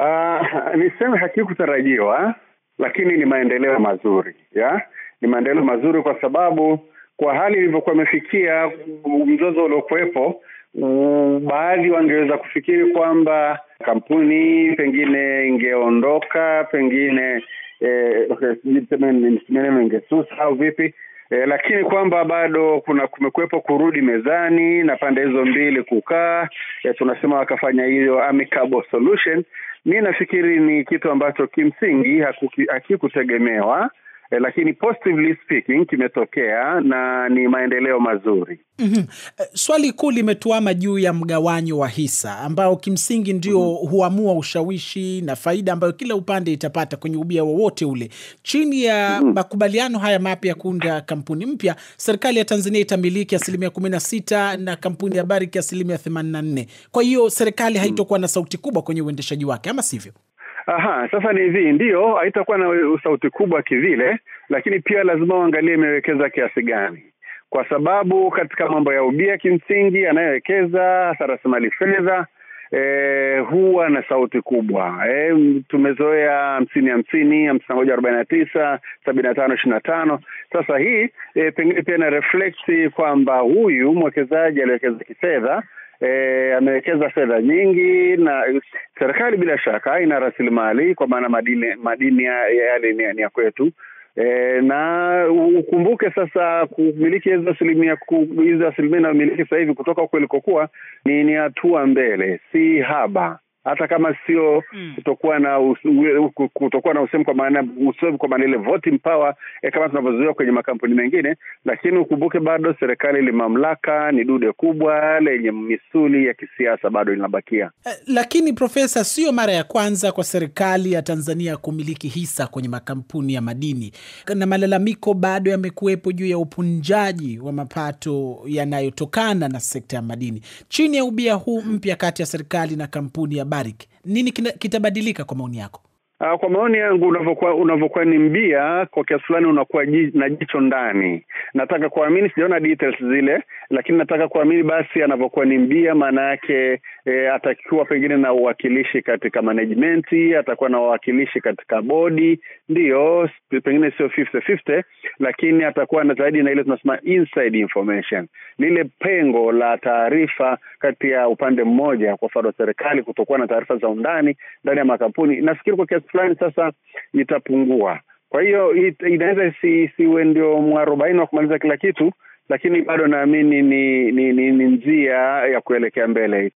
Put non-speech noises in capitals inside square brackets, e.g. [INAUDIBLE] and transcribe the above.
Uh, [LAUGHS] niseme hakikutarajiwa, lakini ni maendeleo mazuri ya ni maendeleo mazuri kwa sababu kwa hali ilivyokuwa imefikia, mzozo uliokuwepo, baadhi wangeweza kufikiri kwamba kampuni pengine ingeondoka, pengine eh, ingesusa au vipi, eh, lakini kwamba bado kuna kumekuwepo kurudi mezani na pande hizo mbili kukaa, eh, tunasema wakafanya hiyo amicable solution mi nafikiri ni kitu ambacho kimsingi hakikutegemewa eh, lakini positively speaking kimetokea na ni maendeleo mazuri. Mm-hmm. Swali kuu limetuama juu ya mgawanyo wa hisa ambao kimsingi ndio mm-hmm. huamua ushawishi na faida ambayo kila upande itapata kwenye ubia wowote ule. Chini ya mm-hmm. makubaliano haya mapya ya kuunda kampuni mpya, serikali ya Tanzania itamiliki asilimia kumi na sita na kampuni ya bariki asilimia themanina nne. Kwa hiyo serikali mhm. haitokuwa na sauti kubwa kwenye uendeshaji wake, ama sivyo? Aha, sasa ni hivi, ndio haitakuwa na sauti kubwa kivile, lakini pia lazima uangalie imewekeza kiasi gani, kwa sababu katika mambo ya ubia kimsingi anayewekeza hasa rasilimali fedha E, huwa na sauti kubwa e, tumezoea hamsini hamsini hamsini na moja arobaini na tisa sabini na tano ishirini na tano Sasa hii e, eh, pengine pia na reflect kwamba huyu mwekezaji aliwekeza kifedha e, amewekeza fedha nyingi, na serikali bila shaka ina rasilimali, kwa maana madini madini yale ni ya, ya kwetu. E, na ukumbuke sasa kumiliki hizo asilimia hizo asilimia inayomiliki hivi kutoka huko ilikokuwa ni ni hatua mbele, si haba hata kama sio mm. kutokuwa na kutokuwa na kwa maana usemi kwa maana ile voting power eh, kama tunavyozoea kwenye makampuni mengine, lakini ukumbuke bado serikali ile mamlaka ni dude kubwa lenye misuli ya kisiasa bado linabakia. Eh, lakini Profesa, sio mara ya kwanza kwa serikali ya Tanzania kumiliki hisa kwenye makampuni ya madini, na malalamiko bado yamekuwepo juu ya upunjaji wa mapato yanayotokana na sekta ya madini chini ya ubia huu mpya kati ya serikali na kampuni ya nini kitabadilika kwa maoni yako? Uh, kwa maoni yangu unavyokuwa unavyokuwa ni mbia kwa kiasi fulani unakuwa ji, na jicho ndani. Nataka kuamini, sijaona details zile, lakini nataka kuamini basi anavyokuwa ni mbia, maana yake e, atakiwa pengine na uwakilishi katika management, atakuwa na uwakilishi katika bodi, ndiyo pengine sio 50-50, lakini atakuwa na zaidi na ile tunasema inside information, lile pengo la taarifa kati ya upande mmoja, kwa mfano serikali, kutokuwa na taarifa za undani ndani ya makampuni. Nafikiri kwa kiasi fulani sasa itapungua. Kwa hiyo it, inaweza isiwe ndio mwarobaini wa kumaliza kila kitu, lakini bado naamini ni, ni, ni, ni njia ya kuelekea mbele.